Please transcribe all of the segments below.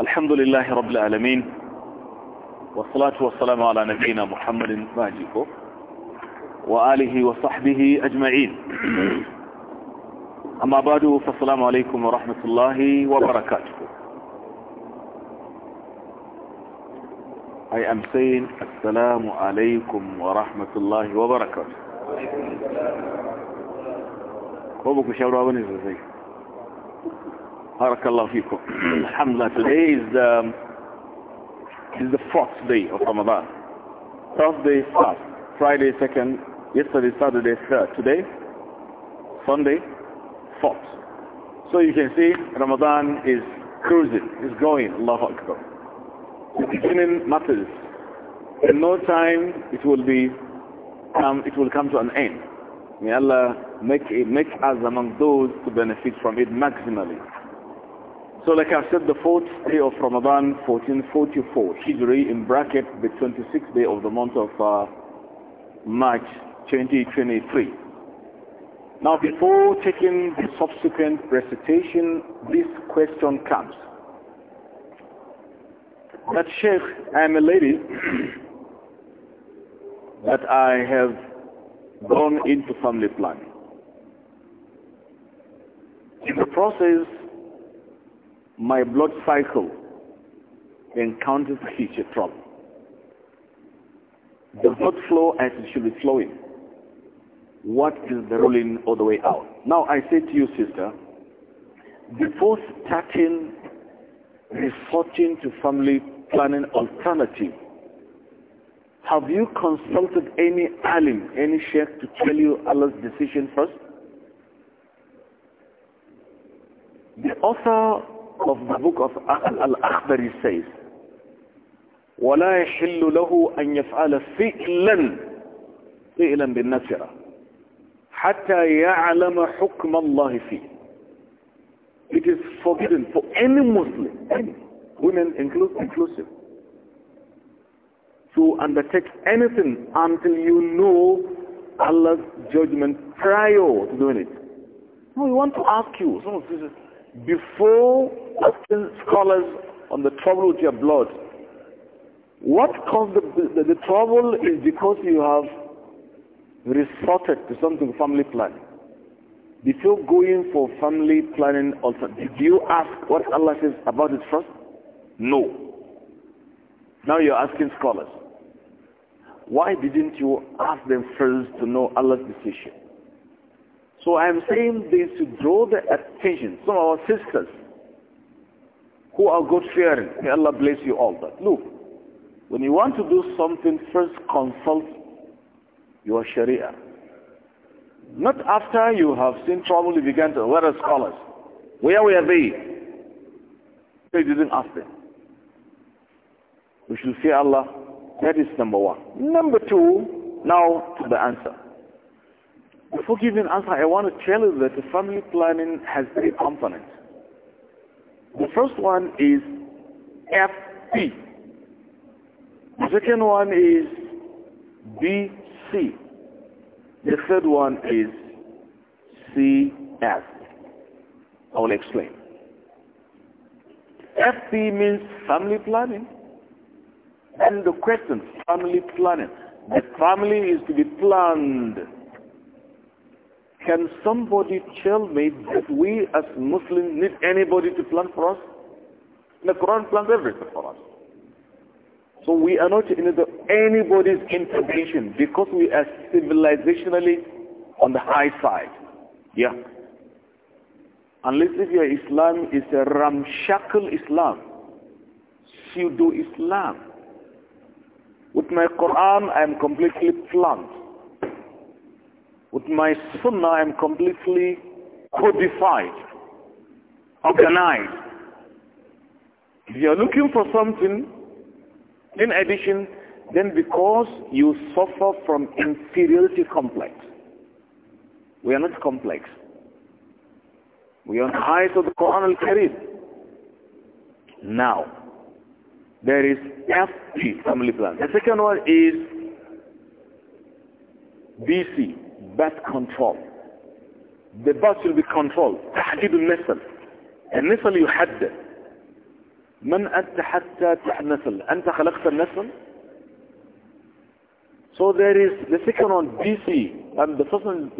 الحمد لله رب العالمين والصلاة والسلام على نبينا محمد ماجيك وآله وصحبه أجمعين أما بعد فالسلام عليكم ورحمة الله وبركاته أي أمسين السلام عليكم ورحمة الله وبركاته وعليكم السلام ورحمة الله وبركاته Barakallahu feekum. today is the, is the fourth day of Ramadan. Thursday first, Friday second, yesterday Saturday third, today Sunday fourth. So you can see Ramadan is cruising, is going, Allah Akbar. The beginning matters. In no time it will be, come. it will come to an end. May Allah make, it, make us among those to benefit from it maximally. So like I said, the fourth day of Ramadan, 1444, Hijri, in bracket, the 26th day of the month of uh, March 2023. Now before taking the subsequent recitation, this question comes. That Sheikh, I am a lady that I have gone into family planning. In the process, my blood cycle encounters such a problem. The blood flow as it should be flowing. What is the ruling all the way out? Now I say to you, sister, before starting resorting to family planning alternative, have you consulted any alim, any sheikh to tell you Allah's decision first? The author of the book of Al-Akhbari says, وَلَا يَحِلُّ لَهُ أَنْ يَفْعَلَ فِئْلًا فِئْلًا بِالنَّسِرَةِ حَتَّى يَعْلَمَ حُكْمَ اللَّهِ فِيهِ It is forbidden for any Muslim, any, women inclusive, to undertake anything until you know Allah's judgment prior to doing it. No, we want to ask you, some of before asking scholars on the trouble with your blood. What caused the, the, the trouble is because you have resorted to something family planning. Before going for family planning, also, did you ask what Allah says about it first? No. Now you're asking scholars. Why didn't you ask them first to know Allah's decision? So I am saying this to draw the attention, some of our sisters who are God-fearing. May Allah bless you all. But look, when you want to do something, first consult your Sharia. Not after you have seen trouble, you began to, where are scholars? Where were they? They didn't ask them. We should fear Allah. That is number one. Number two, now to the answer. Before giving an answer, I want to tell you that the family planning has three components. The first one is FP. The second one is BC. The third one is CF. I will explain. FP means family planning. And the question, family planning. The family is to be planned can somebody tell me that we as Muslims need anybody to plan for us? The Quran plans everything for us. So we are not in anybody's intervention because we are civilizationally on the high side. Yeah. Unless if your Islam is a ramshackle Islam, pseudo Islam. With my Quran, I am completely plumbed. With my sunnah, I'm completely codified, organized. If you're looking for something, in addition, then because you suffer from inferiority complex. We are not complex. We are on the height of the Quran al-Karim. Now, there is FP, family plan. The second one is BC, birth control. The birth will be controlled. تحديد النسل النسل يحدد من أنت حتى تحنسل أنت خلقت النسل So there is the second one BC and the first one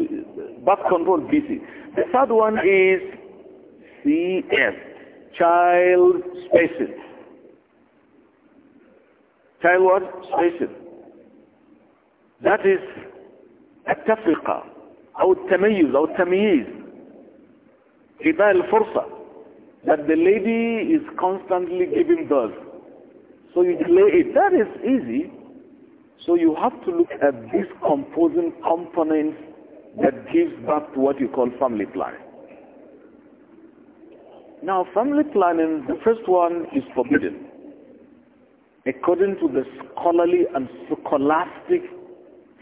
birth control BC. The third one is CS child spacing. Child what? Spacing. That is التفرقة أو التميز أو التمييز إباء الفرصة that the lady is constantly giving birth. So you delay it. That is easy. So you have to look at these composing components that gives birth to what you call family planning. Now, family planning, the first one is forbidden. According to the scholarly and scholastic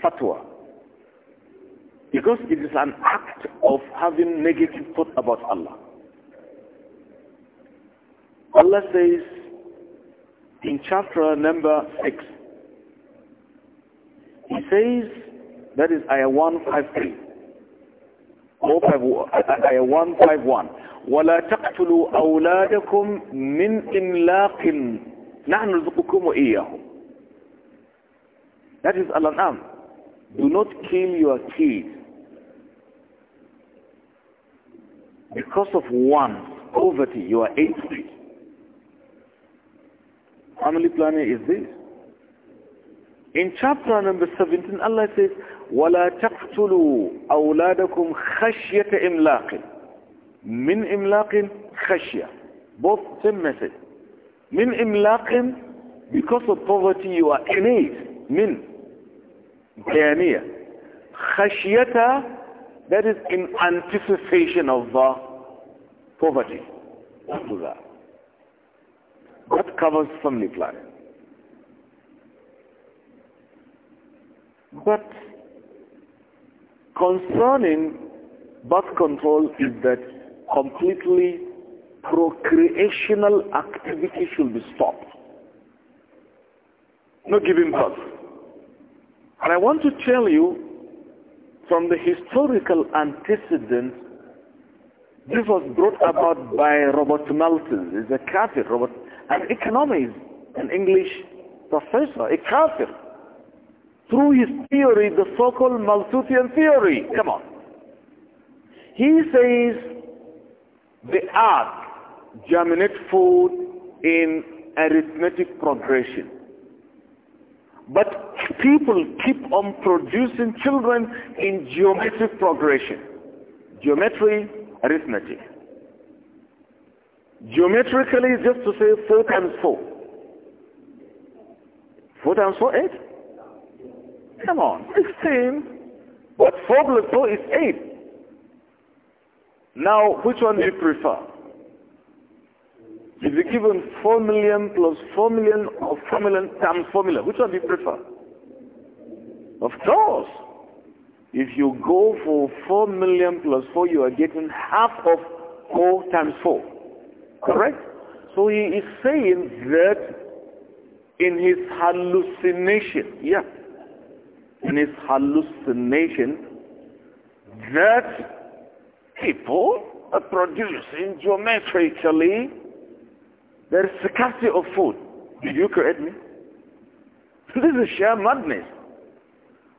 fatwa because it is an act of having negative thought about Allah. Allah says in chapter number 6, He says, that is ayah 153, or ayah 151, وَلَا تَقْتُلُوا أَوْلَادَكُمْ مِنْ إِمْلَاقٍ نَحْنُ رِزُقُكُمْ وَإِيَّهُمْ That is Al-An'am. Do not kill your kids Because of one poverty, you are eight Family planning is this. In chapter number 17, Allah says, وَلَا تَقْتُلُوا أَوْلَادَكُمْ خَشْيَةَ إِمْلَاقٍ مِنْ إِمْلَاقٍ خَشْيَة Both same message. Min imlaqin, because of poverty you are innate. Min, bayaniya. Khashyata, that is in anticipation of the poverty. do that. covers family planning. But concerning birth control is that completely procreational activity should be stopped. No giving birth. And I want to tell you from the historical antecedents, this was brought about by Robert Malthus, he's a kafir, Robert, an economist, an English professor, a kafir. Through his theory, the so-called Malthusian theory, come on. He says the earth germinates food in arithmetic progression. But people keep on producing children in geometric progression. Geometry, arithmetic. Geometrically, just to say 4 times 4. 4 times 4, 8? Come on, 16. But 4 plus 4 is 8. Now, which one do you prefer? If you're given 4 million plus 4 million or 4 million times 4 million, which one do you prefer? Of course. If you go for 4 million plus 4, you are getting half of 4 times 4. Correct? So he is saying that in his hallucination, yeah, in his hallucination, that people are producing geometrically there is scarcity of food. Did you create me? This is sheer madness.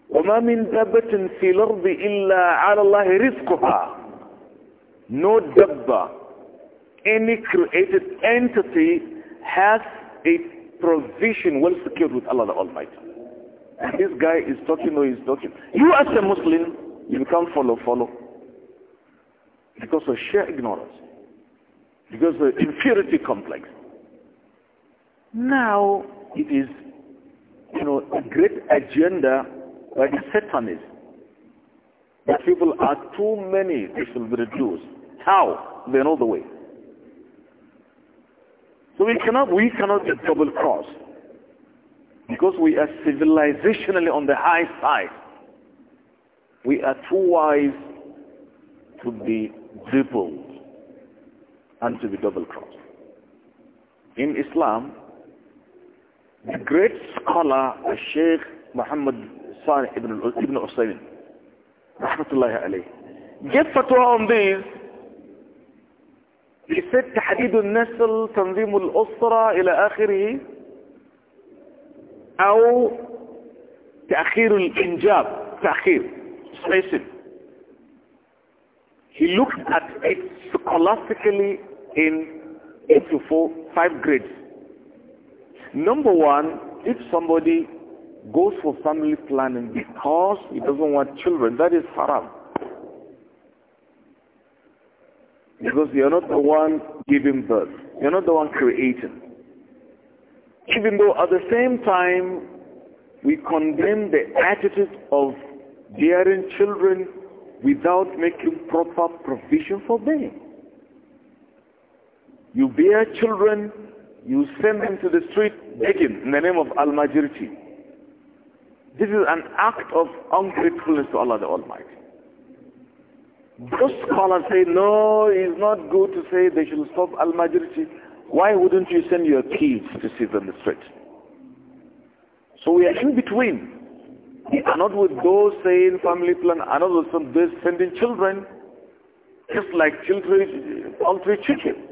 وما من دابة في الأرض إلا على الله رزقها no dabba any created entity has a provision well secured with Allah the Almighty and this guy is talking or he's talking you as a Muslim you can't follow follow because of sheer ignorance because of inferiority complex now it is you know a great agenda the satan Satanism. That people are too many, they should be reduced. How? They know the way. So we cannot, we cannot get double cross because we are civilizationally on the high side. We are too wise to be dribbled and to be double crossed. In Islam, the great scholar Sheikh Muhammad Salih ibn, ibn Usaymin rahmatullahi alayh gave fatwa on this he said تحديد النسل تنظيم الأسرة إلى آخره أو تأخير الإنجاب تأخير spacing he looked at it scholastically in into to four, five grades. Number one, if somebody goes for family planning because he doesn't want children. That is haram. Because you're not the one giving birth. You're not the one creating. Even though at the same time, we condemn the attitude of bearing children without making proper provision for them. You bear children, you send them to the street begging in the name of Al-Majirti. This is an act of ungratefulness to Allah the Almighty. Those scholars say, no, it's not good to say they should stop al-majority. Why wouldn't you send your kids to sit on the street? So we are in between. We not with those saying family plan, another not with those sending children, just like children, all three children.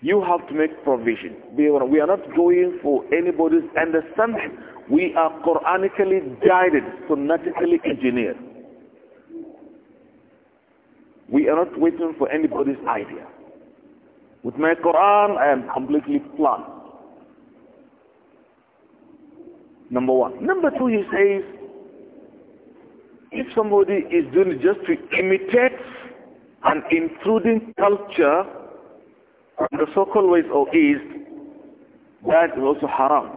You have to make provision. We are not going for anybody's understanding. We are Quranically guided, sunnatically engineered. We are not waiting for anybody's idea. With my Quran, I am completely planned. Number one. Number two, he says, if somebody is doing just to imitate an intruding culture, the so-called ways of east, that is also haram.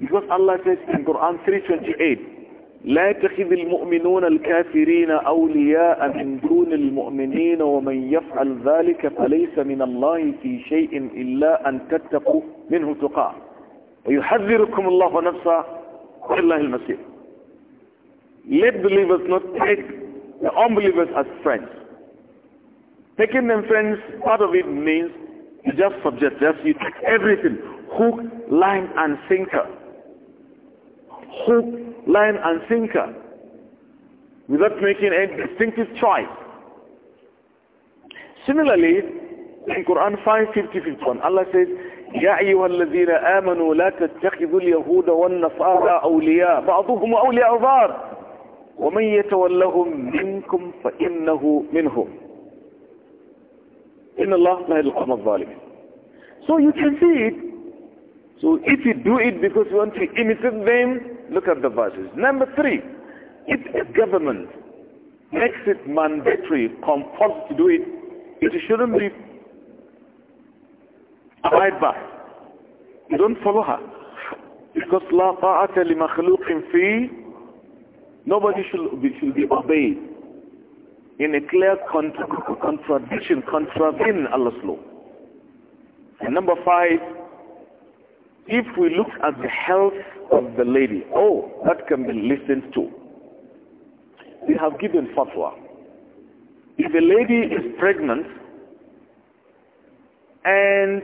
Because Allah says in Quran 328, لا تخذ المؤمنون الكافرين أولياء من دون المؤمنين ومن يفعل ذلك فليس من الله في شيء إلا أن تتقوا منه تقاه ويحذركم الله نفسه والله المسيح Let believers not take the unbelievers as friends. Taking friends, part of it means you just subject, just you take everything, hook, line, and sinker. Hook, line, and sinker. Without making any distinctive choice. Similarly, in Quran 5.50.51, Allah says, يا أيها الذين آمنوا لا تتخذوا اليهود والنصارى أولياء بعضهم أولياء بعض ومن يتولهم منكم فإنه منهم إن الله لا يلقم الظالمين so you can see it so if you do it because you want to imitate them look at the verses number three if a government makes it mandatory compulsory to do it it shouldn't be abide by you don't follow her because لا طاعة لمخلوق في nobody should be, should be obeyed in a clear contra contradiction, contravene Allah's law. And number five, if we look at the health of the lady, oh, that can be listened to. We have given fatwa. If a lady is pregnant and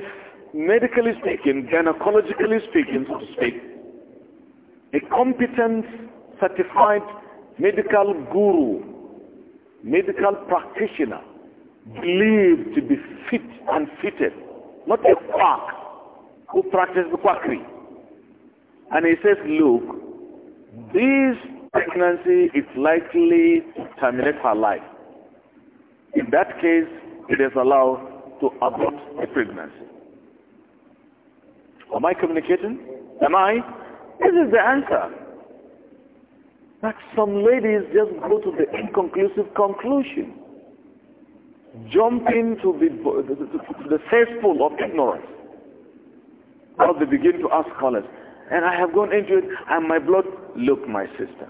medically speaking, gynecologically speaking, so to speak, a competent, certified medical guru medical practitioner believed to be fit and fitted, not a quack who practices quackery. And he says, look, this pregnancy is likely to terminate her life. In that case, it is allowed to abort the pregnancy. Am I communicating? Am I? This is the answer. Like some ladies just go to the inconclusive conclusion, jump into the, to the cesspool of ignorance. Now they begin to ask scholars, and I have gone into it, and my blood, look my sister,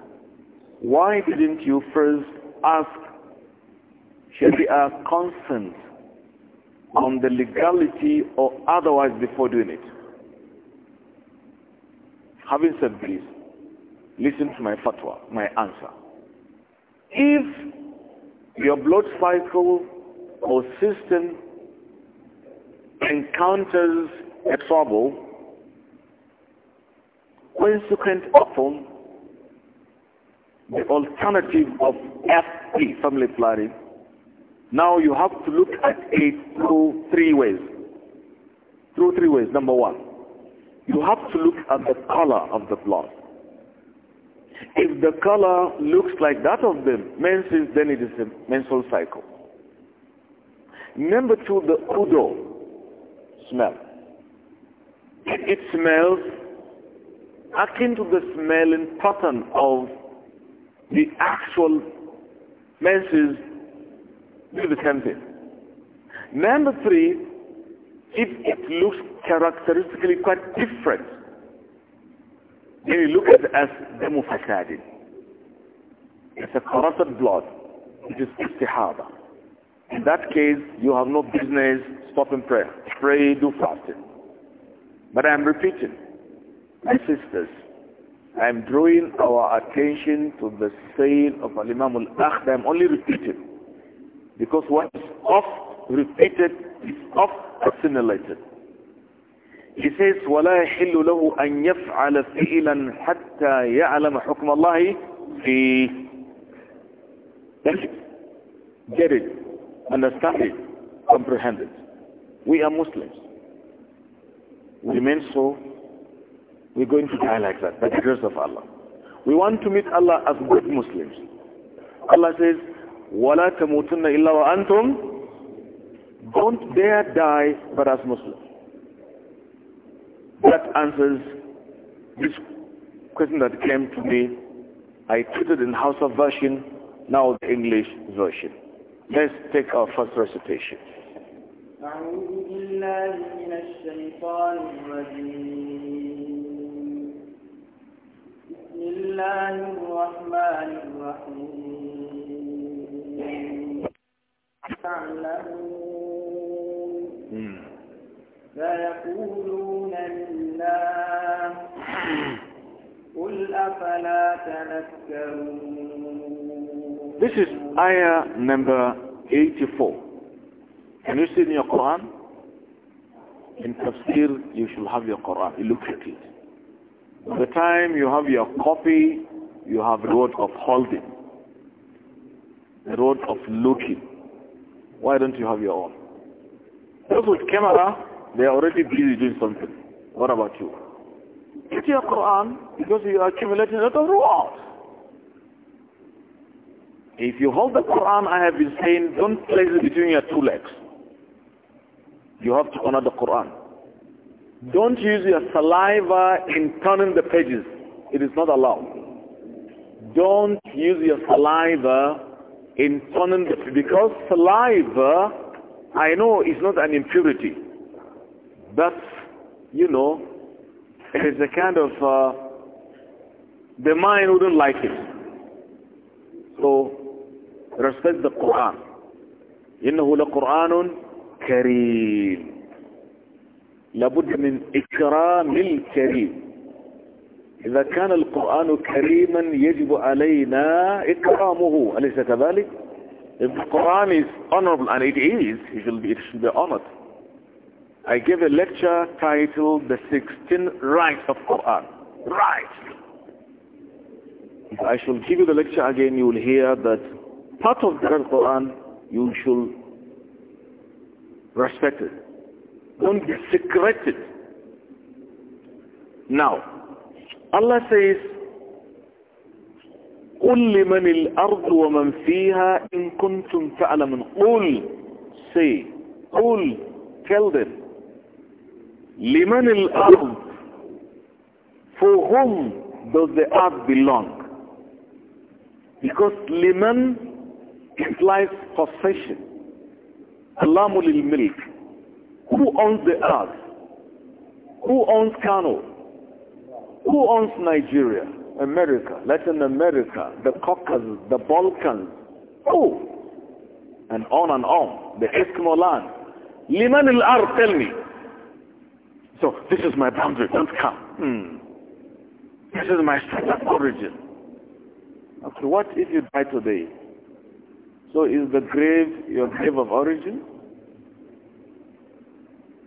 why didn't you first ask Sharia consent on the legality or otherwise before doing it? Having said this, Listen to my fatwa, my answer. If your blood cycle or system encounters a trouble consequent upon the alternative of FP, family planning, now you have to look at it through three ways. Through three ways. Number one, you have to look at the color of the blood. If the color looks like that of the menses, then it is a menstrual cycle. Number two, the odor, smell. It smells akin to the smelling pattern of the actual menses do the same thing. Number three, if it looks characteristically quite different they look at us demu fasadin. It's a corrupted blood. It is istihaba. In that case, you have no business stopping prayer. Pray, do fasting. But I'm repeating, my sisters, I'm drawing our attention to the saying of Al-Imam Al-Akhd. I'm only repeating because what is oft repeated is oft assimilated. He says, وَلَا يَحِلُّ لَهُ أَنْ يَفْعَلَ فِئِلًا حَتَّى يَعْلَمَ حُكْمَ اللَّهِ فِيهِ That's it. Get it. Understand it. Comprehend it. We are Muslims. We mean so. We're going to die like that by the grace of Allah. We want to meet Allah as good Muslims. Allah says, وَلَا تَمُوتُنَّ إِلَّا وَأَنْتُمْ Don't dare die but as Muslims. That answers this question that came to me. I tweeted in House of version, now the English version. Let's take our first recitation. Hmm. Hmm. الله قل أفلا تذكرون This is ayah number 84. Can you see in your Quran? In tafsir, you should have your Quran. You look at it. By the time you have your copy, you have road of holding, the road of looking. Why don't you have your own? Those with camera, they are already busy doing something. What about you? Get your Quran because you are accumulating a lot of rewards. If you hold the Quran, I have been saying, don't place it between your two legs. You have to honor the Quran. Don't use your saliva in turning the pages. It is not allowed. Don't use your saliva in turning the because saliva, I know, is not an impurity. But you know, it is a kind of, uh, the mind wouldn't like it. So, respect the Quran. إنه لقرآن كريم لابد من إكرام الكريم إذا كان القرآن كريما يجب علينا إكرامه أليس كذلك? If the Quran is honorable and it is, it should be honored. I gave a lecture titled The 16 Rights of Quran. Right. If I shall give you the lecture again, you will hear that part of the Quran you should respect it. Don't desecrate it. Now, Allah says, قل لمن الأرض ومن فيها إن كنتم تعلمون قل say قل tell them liman al for whom does the earth belong because liman implies possession Alamul lil who owns the earth who owns Kano who owns Nigeria America Latin America the Caucasus the Balkans who and on and on the Eskimo land liman al-ard tell me so this is my boundary. Don't come. Hmm. This is my state of origin. Okay, what if you die today? So is the grave your grave of origin?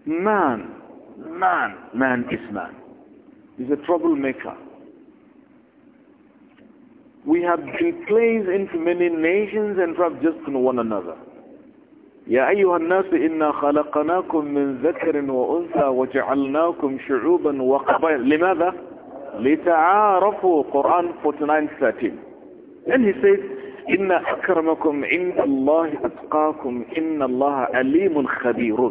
Man, man, man is man. He's a troublemaker. We have been placed into many nations and have just one another. يا أيها الناس إنا خلقناكم من ذكر وأنثى وجعلناكم شعوبا وقبائل لماذا؟ لتعارفوا قرآن 49-13 and he says إن أكرمكم عند الله أتقاكم إن الله أليم خبير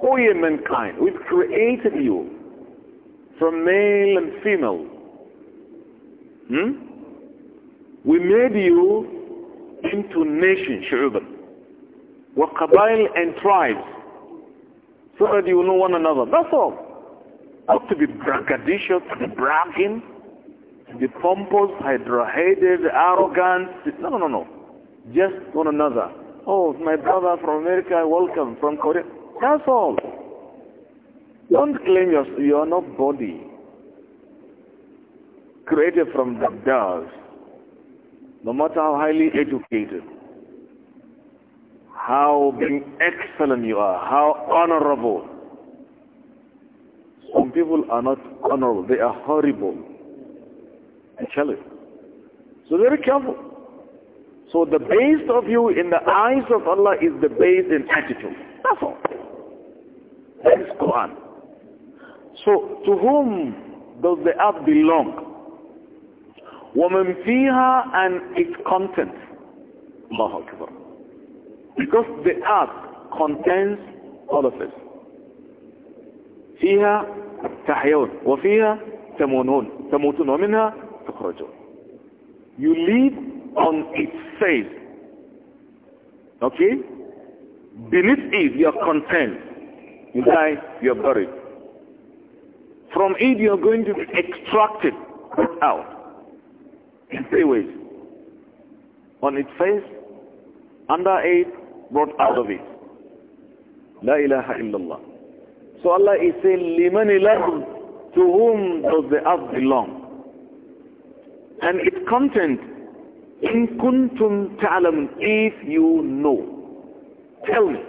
Who are mankind? We've created you from male and female. Hmm? We made you into nation, شعوبا. وقبائل and tribes so that you know one another. That's all. Not to be braggadocious, to be bragging, to be pompous, hydra arrogant. No, no, no, no. Just one another. Oh, my brother from America, welcome from Korea. That's all. Don't claim you're, you're not body. Created from the dust. No matter how highly educated how excellent you are, how honorable. Some people are not honorable, they are horrible. I tell you. So very careful. So the base of you in the eyes of Allah is the base in attitude. That's all. That is Quran. So to whom does the earth belong? Woman, fiha and its content. Allahu Akbar. Because the earth contains all of us. فيها تحيون وفيها تمونون تموتون ومنها تخرجون You live on its face. Okay? Beneath it, you are content. You die, you are buried. From it, you are going to be extracted out in three ways. On its face, under it, brought out of it. La ilaha illallah. So Allah is saying, To whom does the earth belong? And its content, "In kuntum ta'lam, If you know. Tell me.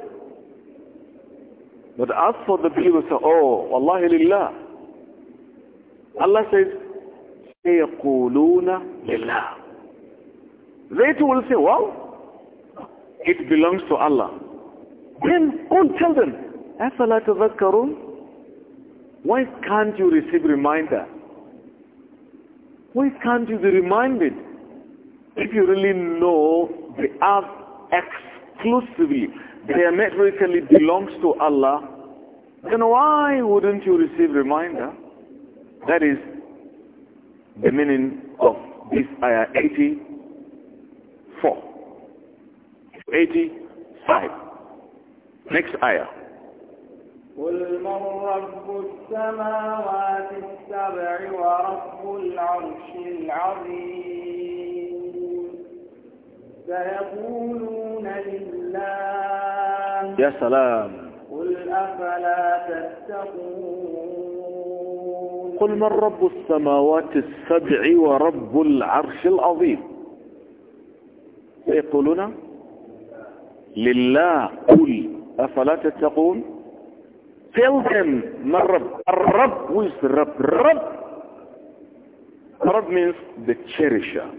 But as for the people say, oh, wallahi lillah. Allah says, سَيَقُولُونَ lillah." They too will say, well, it belongs to Allah. Then go and tell them, أَفَلَا تَذَكَّرُونَ Why can't you receive reminder? Why can't you be reminded? If you really know the earth exclusively, diametrically belongs to Allah, then why wouldn't you receive reminder? That is the meaning of this ayah 84. 85 next ayah قل من رب السماوات السبع ورب العرش العظيم سيقولون لله يا سلام قل أفلا تتقون قل من رب السماوات السبع ورب العرش العظيم سيقولون لله قل أفلا تتقون tell them ما الرب الرب who is the رب رب رب means the cherisher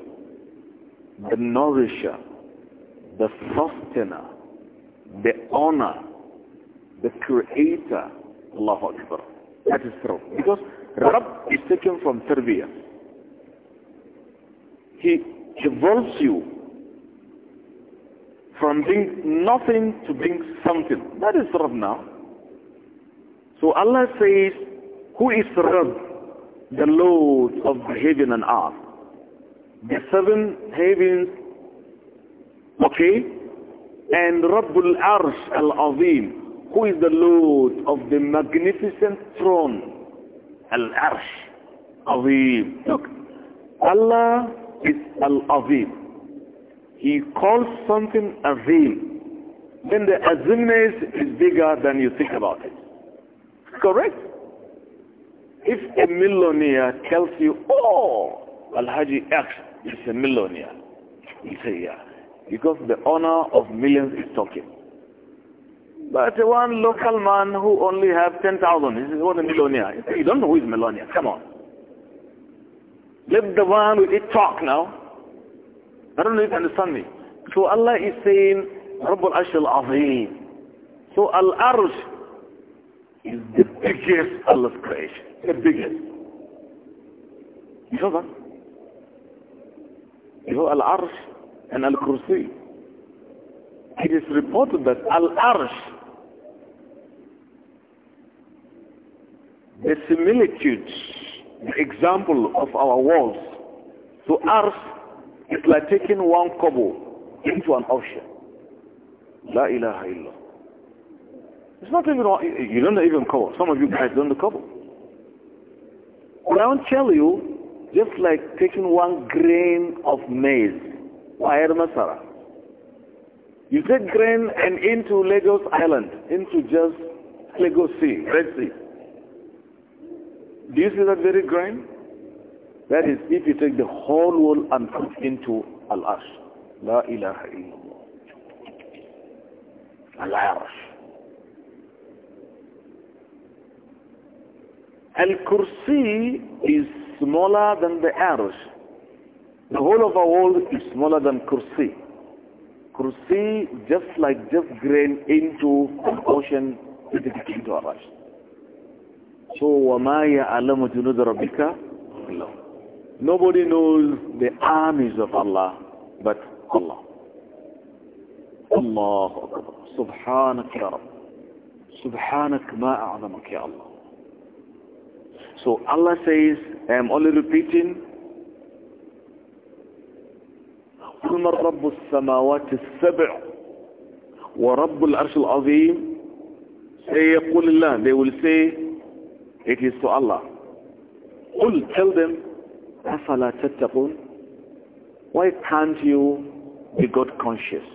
the nourisher the sustainer the owner the creator الله اكبر that is true because رب is taken from Serbia he evolves you from being nothing to being something. That is Rabb now. So Allah says, who is Rabb? The Lord of heaven and earth. The seven heavens, okay? And Rabbul Arsh Al-Azim, who is the Lord of the magnificent throne, Al-Arsh, Azim. Look, Allah is Al-Azim he calls something a azim. Then the azimness is bigger than you think about it. Correct? If a millionaire tells you, oh, Al-Haji X is a millionaire, you say, yeah, because the owner of millions is talking. But one local man who only have 10,000, he says, what a millionaire. You don't know who is millionaire, come on. Let the one with it talk now. I don't know if you understand me. So Allah is saying, Rabbul Arsh al-Azim. So Al-Arsh is the biggest Allah's creation. The biggest. You know that? You know Al-Arsh and Al-Kursi. It is reported that Al-Arsh the similitudes, the example of our walls. So earth it's like taking one cobble into an ocean. La ilaha illallah. It's not even, you don't even kobo. Some of you guys don't know kobo. But I want to tell you, just like taking one grain of maize, wire masara. You take grain and into Lagos Island, into just Lagos Sea, Red Sea. Do you see that very grain? That is, if you take the whole world and put into Al-Arsh. La ilaha illallah. Al-Arsh. Al-Kursi is smaller than the Arsh. The whole of our world is smaller than Kursi. Kursi, just like just grain into ocean, it is into Arash. So, وَمَا يَعْلَمُ جُنُودَ رَبِّكَ إِلَّهُ Nobody knows the armies of Allah but Allah. Allah, أكبر سبحانك يا رب سبحانك ما أعظمك Allah so Allah says I am only repeating قل من رب السماوات السبع ورب العرش العظيم سيقول الله they will say it is to Allah قل tell them أَفَلَا تَتَّقُونَ Why can't you be God conscious?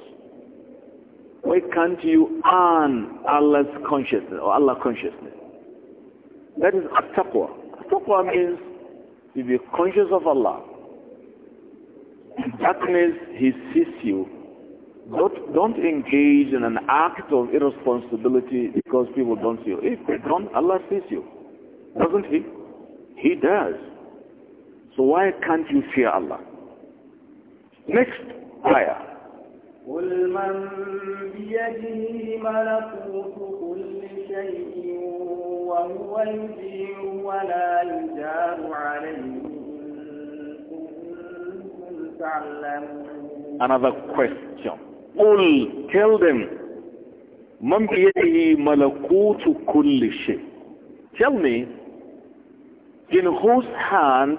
Why can't you earn Allah's consciousness or Allah consciousness? That is at-taqwa. At-taqwa means to be conscious of Allah. That means He sees you. Don't, don't engage in an act of irresponsibility because people don't see you. If they don't, Allah sees you. Doesn't He? He does. So why can't you fear Allah? Next ayah. قل من بيده ملكوت كل شيء وهو يجير ولا يجار عليه Another question. قل tell them من بيده ملكوت كل شيء. Tell me in whose hand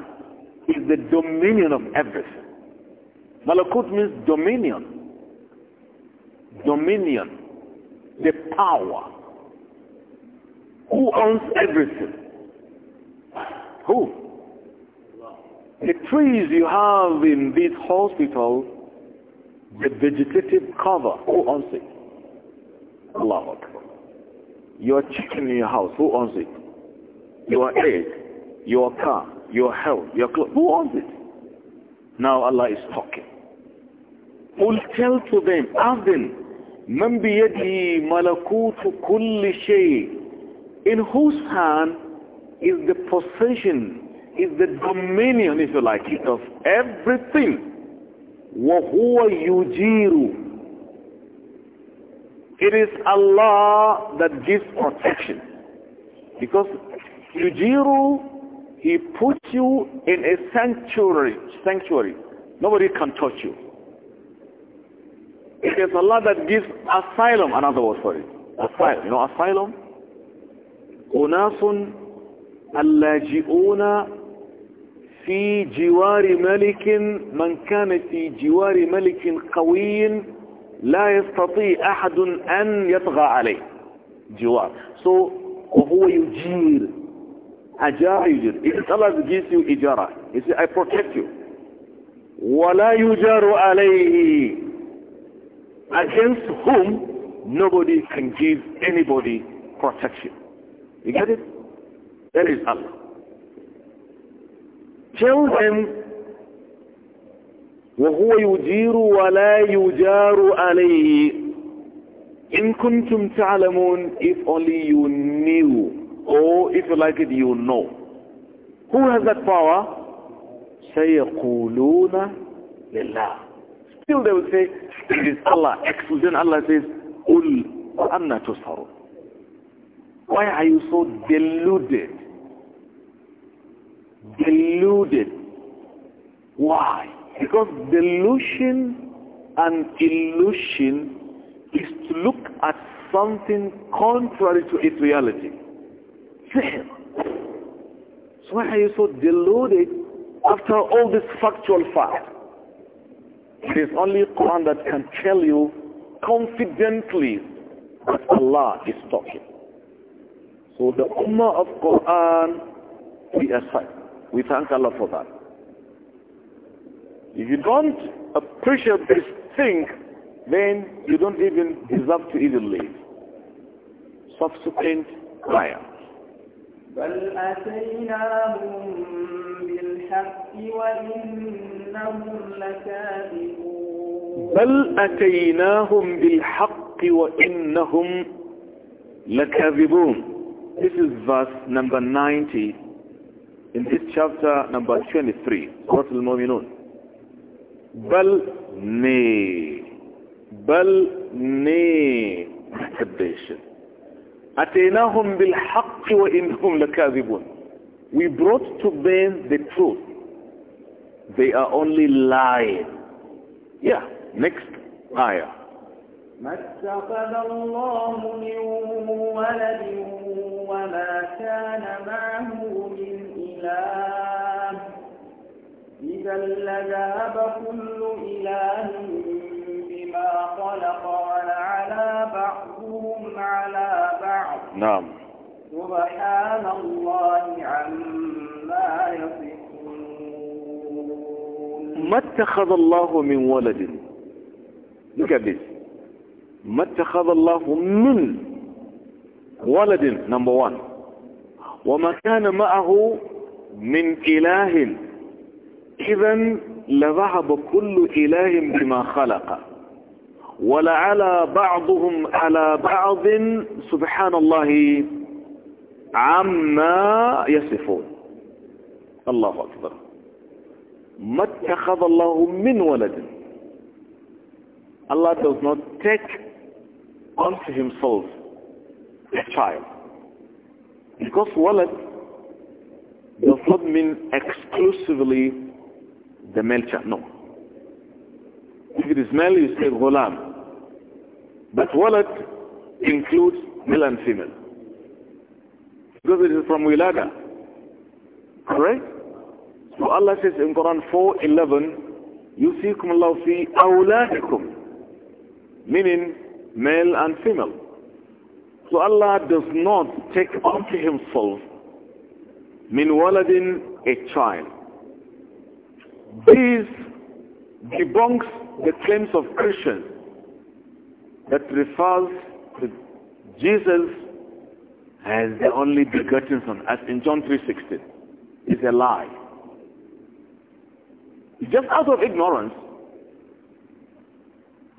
is the dominion of everything. Malakut means dominion. Dominion. The power. Who owns everything? Who? The trees you have in this hospital, the vegetative cover, who owns it? Allah Your chicken in your house, who owns it? Your egg, your car, your health, your clothes. Who owns it? Now Allah is talking. We'll tell to them, ask them, من بيده ملكوت كل شيء. In whose hand is the possession, is the dominion, if you like it, of everything. وهو يجير. It is Allah that gives protection. Because يجير he puts you in a sanctuary. Sanctuary. Nobody can touch you. It is Allah that gives asylum, another word for it. Asylum. You know asylum? أناس اللاجئون في جوار ملك من كان في جوار ملك قوي لا يستطيع أحد أن يطغى عليه جوار so وهو يجير أجار يجر إذا الله gives you إجارة He says I protect you ولا يجار عليه Against whom nobody can give anybody protection You get it? That is Allah Tell them وهو يجير ولا يجار عليه إن كنتم تعلمون if only you knew Or oh, if you like it, you know. Who has that power? سَيَقُولُونَ لِلَّهِ Still they will say, it is Allah. Then Allah says, قُلْ أَنَّ Why are you so deluded? Deluded. Why? Because delusion and illusion is to look at something contrary to its reality. So why are you so deluded after all this factual fact? It is only Quran that can tell you confidently that Allah is talking. So the Ummah of Quran, we aside. We thank Allah for that. If you don't appreciate this thing, then you don't even deserve to even live. Subsequent prayer. بل أتيناهم بالحق وإنهم لكاذبون بل أتيناهم بالحق وإنهم لكاذبون This is verse number 90 in this chapter number 23 Surah Al-Mu'minun بل ني بل ني repetition أتيناهم بالحق وإنهم لكاذبون We brought to them the truth. They are only lying. Yeah, next ayah. ما اتخذ الله من ولد وما كان معه من إله إذا لذهب كل إله خلق ولعلى بعضهم على بعض نعم سبحان الله عما يصفون ما اتخذ الله من ولد Look at this. ما اتخذ الله من ولد number one وما كان معه من إله إذا لذهب كل إله بما خلق ولعلى بعضهم على بعض سبحان الله عما يصفون الله أكبر ما اتخذ الله من ولد Allah does not take unto himself a child because ولد does not mean exclusively the male child no If it is male, you say ghulam. But walat includes male and female. Because it is from wilada. Correct? So Allah says in Quran 4.11, see اللَّهُ فِي أَوْلَادِكُمْ Meaning male and female. So Allah does not take unto himself min waladin a child. This debunks the claims of Christians that refers to Jesus as the only begotten Son, as in John 3.16, is a lie. Just out of ignorance,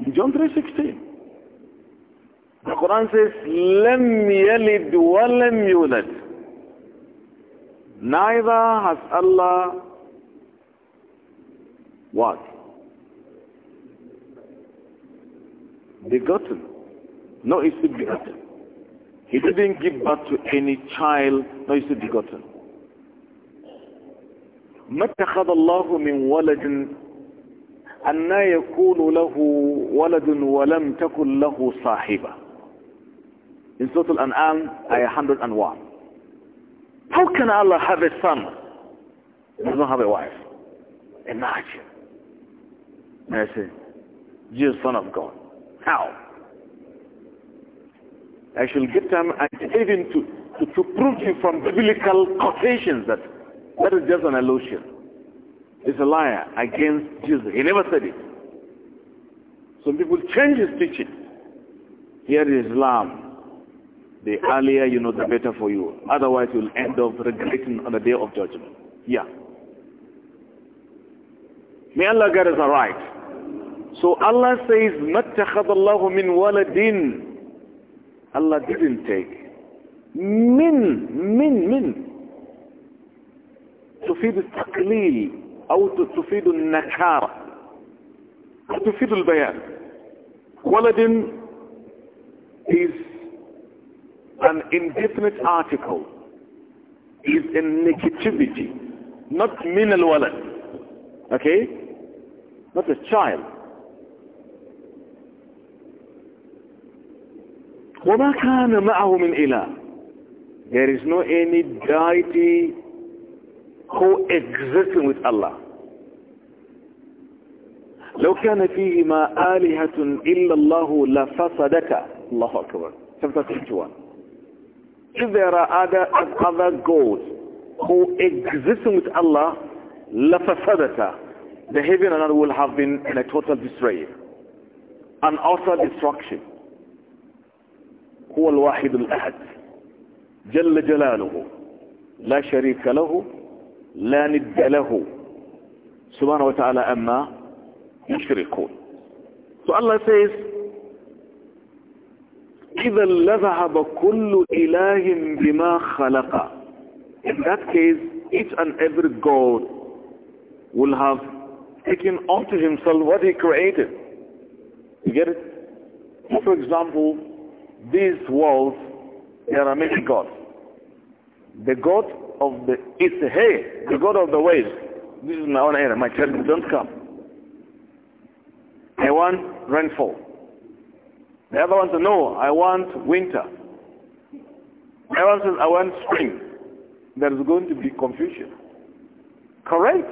in John 3.16, the Quran says, لَمْ يَلِدْ وَلَمْ يُولَدْ Neither has Allah what? begotten. No, he said begotten. He didn't give birth to any child. No, he said begotten. ما الله من ولد أن يكون له ولد ولم تكن له صاحبة In Surah Al-An'am, Ayah 101. How can Allah have a son who doesn't have a wife? Imagine. And I say, Jesus, son of God. How? I shall give time even to, to, to prove to you from biblical quotations that that is just an illusion. It's a liar against Jesus. He never said it. Some people change his teaching. Here is Islam. The earlier you know, the better for you. Otherwise, you'll end up regretting on the day of judgment. Yeah. May Allah guide us aright. So Allah says, مَتَّخَذَ اللَّهُ مِنْ وَلَدٍ Allah didn't take. Min, min, min. تفيد التقليل أو تفيد النكارة تفيد البيان ولد is an indefinite article is a negativity not min al-walad okay not a child وما كان معه من إله there is no any deity who exists with Allah لو كان فيهما آلهة إلا الله لفسدك الله أكبر chapter 51 if there are other other gods exist with Allah لفسدك the heaven and earth will have been in a total disarray an utter destruction هو الواحد الأحد جل جلاله لا شريك له لا ند له سبحانه وتعالى أما يشركون So Allah says إذا لذهب كل إله بما خلق In that case each and every God will have taken unto himself what he created You get it? For example these walls, they are many gods. The god of the it's hey, the god of the waves. This is my own area. My children don't come. I want rainfall. The other one says, no, I want winter. The other one says, I want spring. There is going to be confusion. Correct?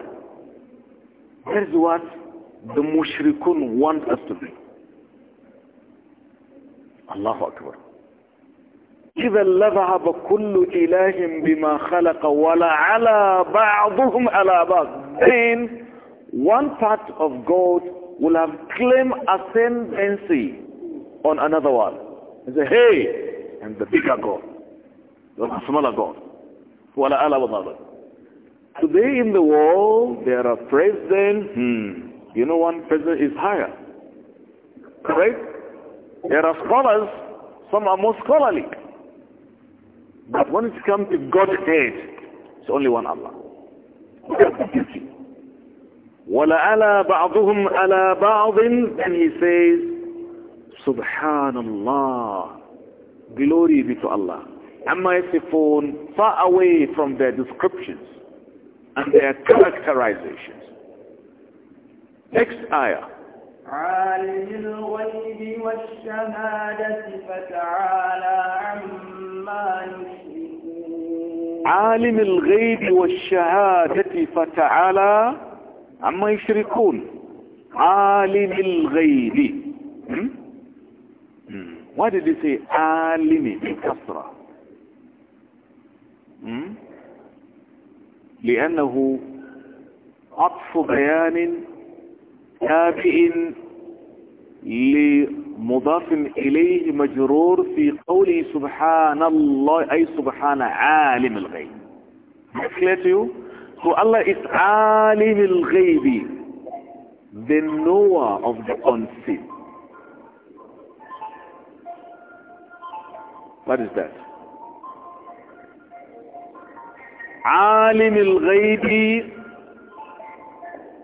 That is what the mushrikun wants us to be. الله أكبر إذا لذهب كل إله بما خلق ولا على بعضهم على بعض then one part of God will have claim ascendancy on another one and say hey I'm the bigger God the smaller God ولا على بعضهم today in the world there are presidents hmm. you know one president is higher correct There are scholars, some are more scholarly. But when it comes to Godhead, it's only one Allah. وَلَعَلَى بَعْضُهُمْ أَلَى بَعْضٍ Then he says, Subhanallah. Glory be to Allah. Amma yasifun, far away from their descriptions and their characterizations. Next ayah. عالم الغيب والشهادة فتعالى عما يشركون عالم الغيب والشهادة فتعالى عما يشركون عالم الغيب Why did you say عالم بكسرة لأنه عطف بيان تابع لمضاف إليه مجرور في قوله سبحان الله أي سبحان عالم الغيب clear to you? So Allah is عالم الغيب the knower of the unseen What is that? عالم الغيب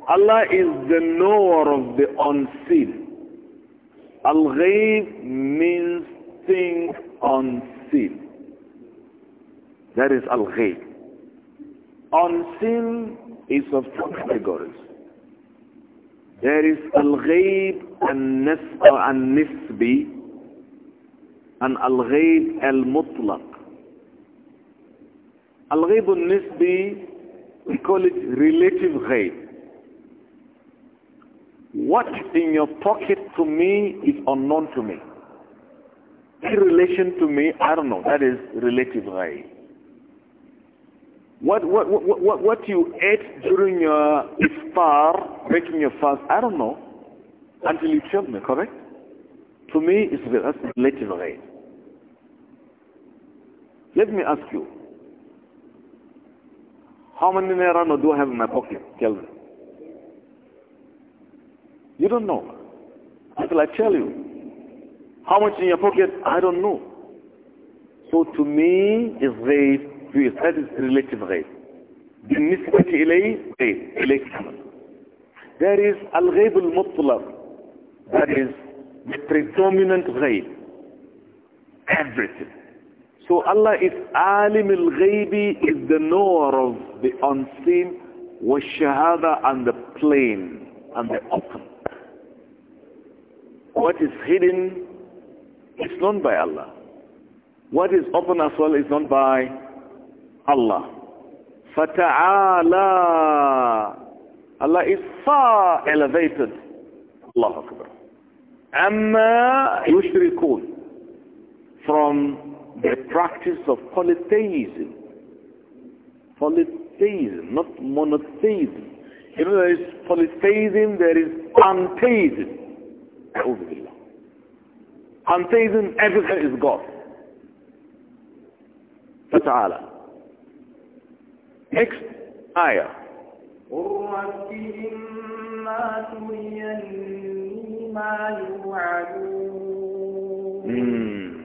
Allah is the knower of the unseen Al-Ghaib means thing unseen. That is Al-Ghaib. Unseen is of two categories. There is Al-Ghaib Al-Nisbi and Al-Ghaib Al-Mutlaq. Al-Ghaib Al-Nisbi, we call it relative Ghaib. What in your pocket to me is unknown to me. In relation to me, I don't know. That is relative ghaib. What, what, what, what, what you ate during your iftar, breaking your fast, I don't know. Until you tell me, correct? To me, it's that's relative ghaib. Let me ask you. How many naira do I have in my pocket? Tell me. You don't know. Until I tell you. How much in your pocket? I don't know. So to me, is rate. to his head is relative غيب. بالنسبة إليه غيب. إليك There is الغيب That is the predominant غيب. Everything. So Allah is alim al-ghaybi is the knower of the unseen, wa shahada and the plain and the open. What is hidden is known by Allah. What is open as well is known by Allah. فَتَعَالَى Allah is far elevated. Allah Akbar. أَمَّا يُشْرِكُونَ From the practice of polytheism. Polytheism, not monotheism. You know, there is polytheism, there is pantheism. أعوذ بالله until then everything is God. فتعالى next آية رب إما تريني ما يوعدون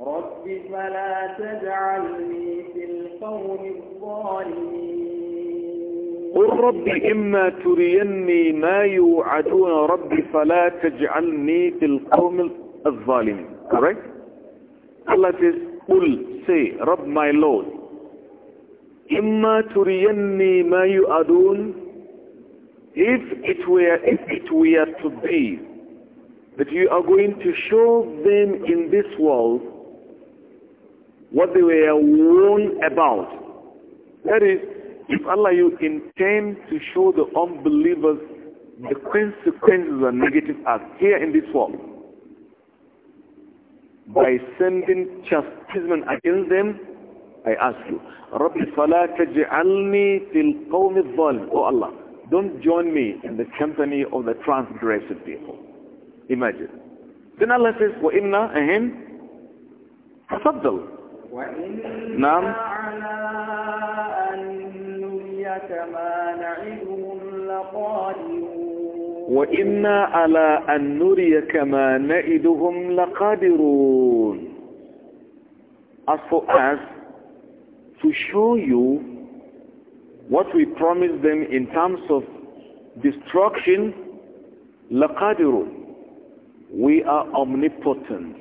رب فلا تجعلني في القوم الظالمين قل رب إما تريني ما يوعدون ربي فلا تجعلني في القوم الظالمين correct Allah says قل say رب my Lord إما تريني ما يوعدون if it were if it were to be that you are going to show them in this world what they were warned about that is if Allah, you intend to show the unbelievers the consequences of negative acts here in this world by sending chastisement against them, I ask you, Rabbi فَلَا تَجْعَلْنِي فِي الْقَوْمِ الظَّالِمِ Oh Allah, don't join me in the company of the transgressive people. Imagine. Then Allah says, وَإِنَّا أَهِمْ تَفَضَّلْ نعم كما نعدهم لقادرون وإنا على أن نعدهم لقادرون As for us, to show you what we promised them in terms of destruction, We are omnipotent,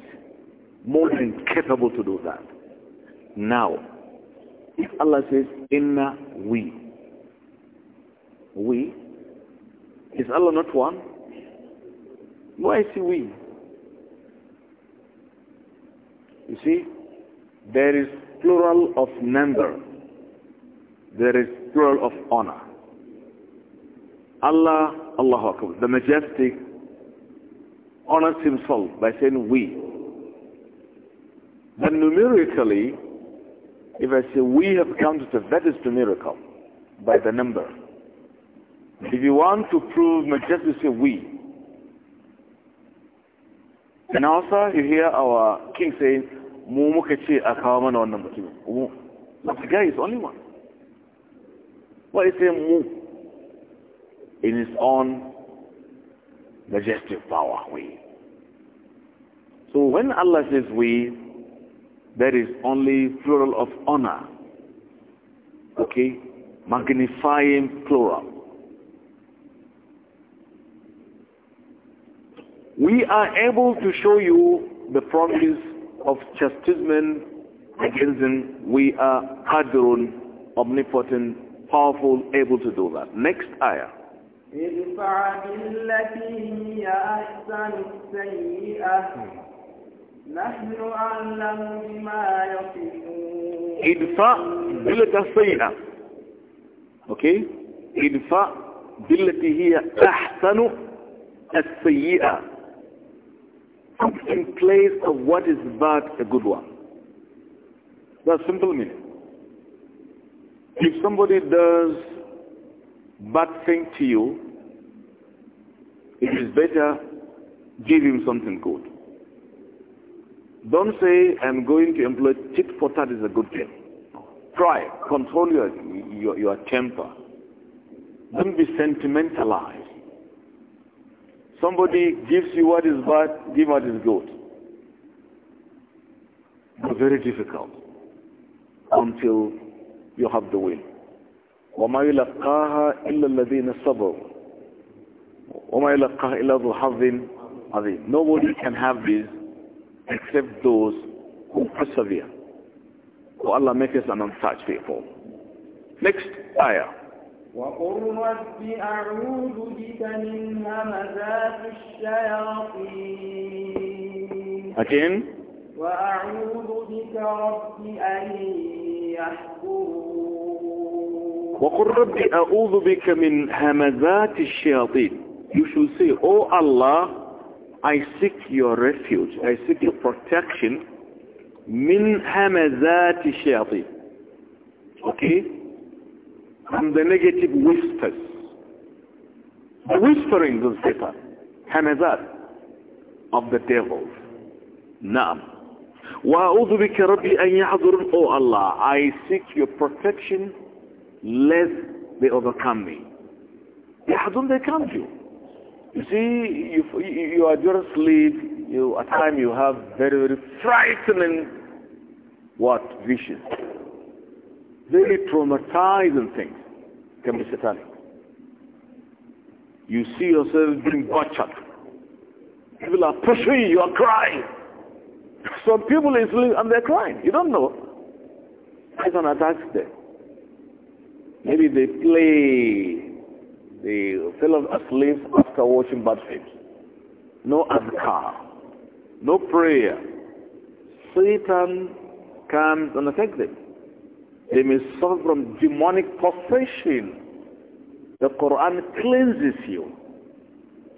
more than capable to do that. Now, if Allah says, inna we, we? Is Allah not one? Why is he we? You see, there is plural of number. There is plural of honor. Allah, Allah, Akbar, the majestic, honors himself by saying we. But numerically, if I say we have counted, that is the miracle by the number. If you want to prove majesty, say we. And also you hear our king saying, mu muka ce a kawo Mu. But the guy is only one. Why is saying mu? In his own majestic power, we. So when Allah says we, there is only plural of honor. Okay? Magnifying plural. we are able to show you the promises of chastisement against them. We are Qadirun, omnipotent, powerful, able to do that. Next ayah. ادفع بالتي هي أحسن السيئة نحن أعلم بما يصفون ادفع بالتي السيئة أوكي ادفع بالتي هي أحسن السيئة in place of what is bad a good one. That's simple meaning. If somebody does bad thing to you, it is better give him something good. Don't say, I'm going to employ tit for tat is a good thing. Try, control your, your, your temper. Don't be sentimentalized. Somebody gives you what is bad, give what is good. But very difficult until you have the will. وما يلقاها إلا الذين صبروا وما يلقاها إلا ذو عظيم Nobody can have this except those who persevere. So oh, Allah make us an untouched people. Next ayah. وقل رب أعوذ بك من همزات الشياطين وأعوذ بك رب أن يحفظون وقل رب أعوذ بك من همزات الشياطين You should say, Oh Allah, I seek your refuge. I seek your protection. من همزات الشياطين. Okay? and the negative whispers. The whisperings of Satan, همزات of the devil. نعم. وأعوذ بك ربي أن يحضرون o Allah, I seek your protection lest they overcome me. يحضرون they come to you. You see, you, you are just asleep. You, at time you have very, very frightening what? Visions very traumatizing things can be satanic. You see yourself being butchered. People are pushing you, you are crying. Some people is and they're crying. You don't know. It's an attack there. Maybe they play. They fell asleep after watching bad films. No ascar. No prayer. Satan comes and attack them. They may suffer from demonic possession. The Quran cleanses you.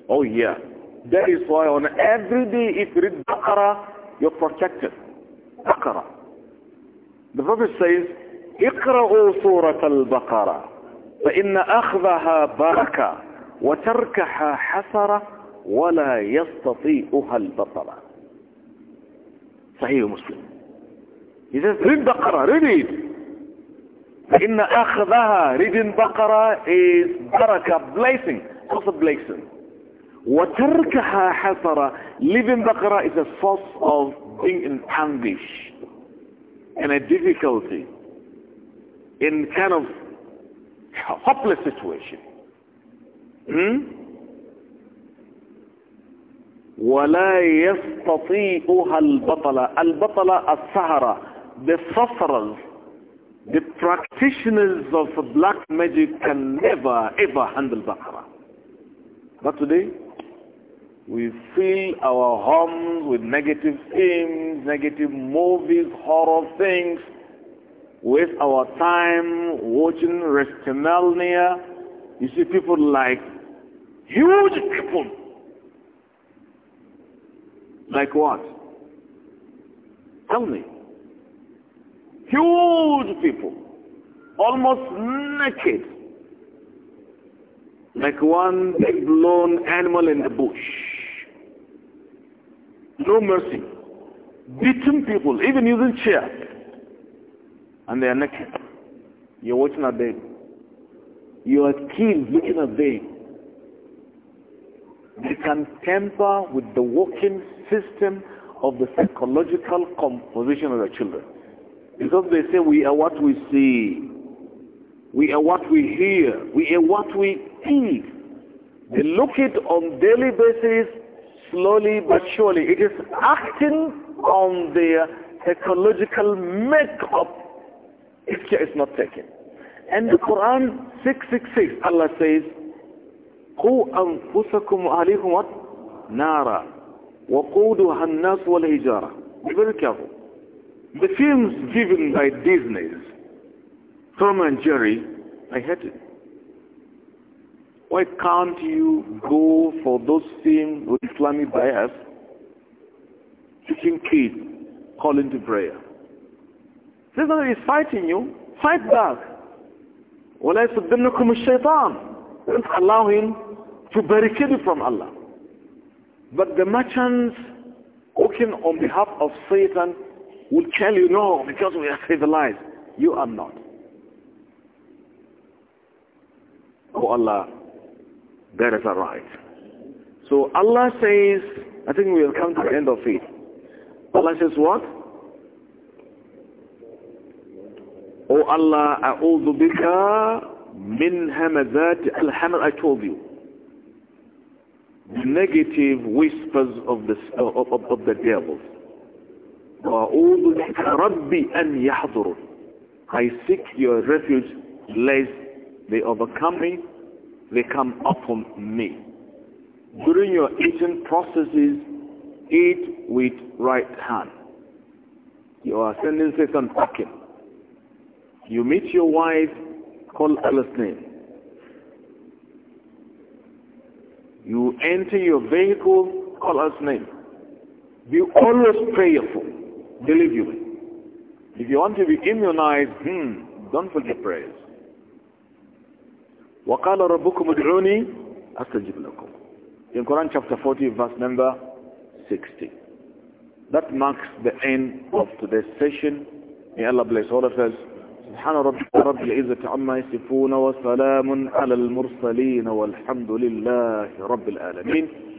Oh yeah. That is why on every day if you read Baqarah, you're protected. Baqarah. The Prophet says, اقرأوا سورة البقرة فإن أخذها بركة وتركها حسرة ولا يستطيعها البطلة صحيح مسلم He says, read Baqarah, read it. فإن أخذها reading بقرة is بركة blessing source of blessing وتركها حسرة living بقرة is a source of being in anguish and a difficulty in kind of hopeless situation hmm? ولا يستطيعها البطلة البطلة السهرة the sufferers The practitioners of black magic can never ever handle Baqarah. But today, we fill our homes with negative themes, negative movies, horror things, waste our time watching Restinalnia. You see people like huge people. Like what? Tell me. Huge people, almost naked, like one big blown animal in the bush. No mercy. Beaten people, even using chair, And they are naked. You're watching at them. You are keen looking at them. They can tamper with the working system of the psychological composition of the children. Because they say we are what we see. We are what we hear. We are what we think. They look it on daily basis, slowly but surely. It is acting on their ecological makeup. care is not taken. And the Quran 666, Allah says, قُوْ أَنفُسَكُمْ nara wa نَارًا وَقُودُهَا النَّاسُ وَالْهِجَارَةِ Be very careful. The films given by Disney, Tom and Jerry, I hate it. Why can't you go for those films with Islamic bias, teaching kids, calling to prayer? This is fighting you. Fight back. وَلَا يَسُبِّنَّكُمُ الشَّيْطَانِ Don't allow him to barricade you from Allah. But the merchants working on behalf of Satan we tell you, no, because we are civilized. You are not. Oh Allah, that is right. So Allah says, I think we will come to the end of it. Allah says what? Oh Allah, أعوذ بك min hamazat al-hamad, I told you. The negative whispers of the, of, of, of the devil. وَأَعُوذُ بِكَ رَبِّي أَنْ I seek your refuge lest they overcome me, they come upon me. During your eating processes, eat with right hand. You are sending Satan packing. You meet your wife, call Allah's name. You enter your vehicle, call Allah's name. Be always prayerful. you. If you want to be immunized, hmm, don't forget prayers. وَقَالَ رَبُّكُمْ ادْعُونِي أَسْتَجِبْ لَكُمْ In Quran chapter 40 verse number 60. That marks the end of today's session. May Allah bless all of us. سبحان ربك رب العزة عما يصفون وسلام على المرسلين والحمد لله رب العالمين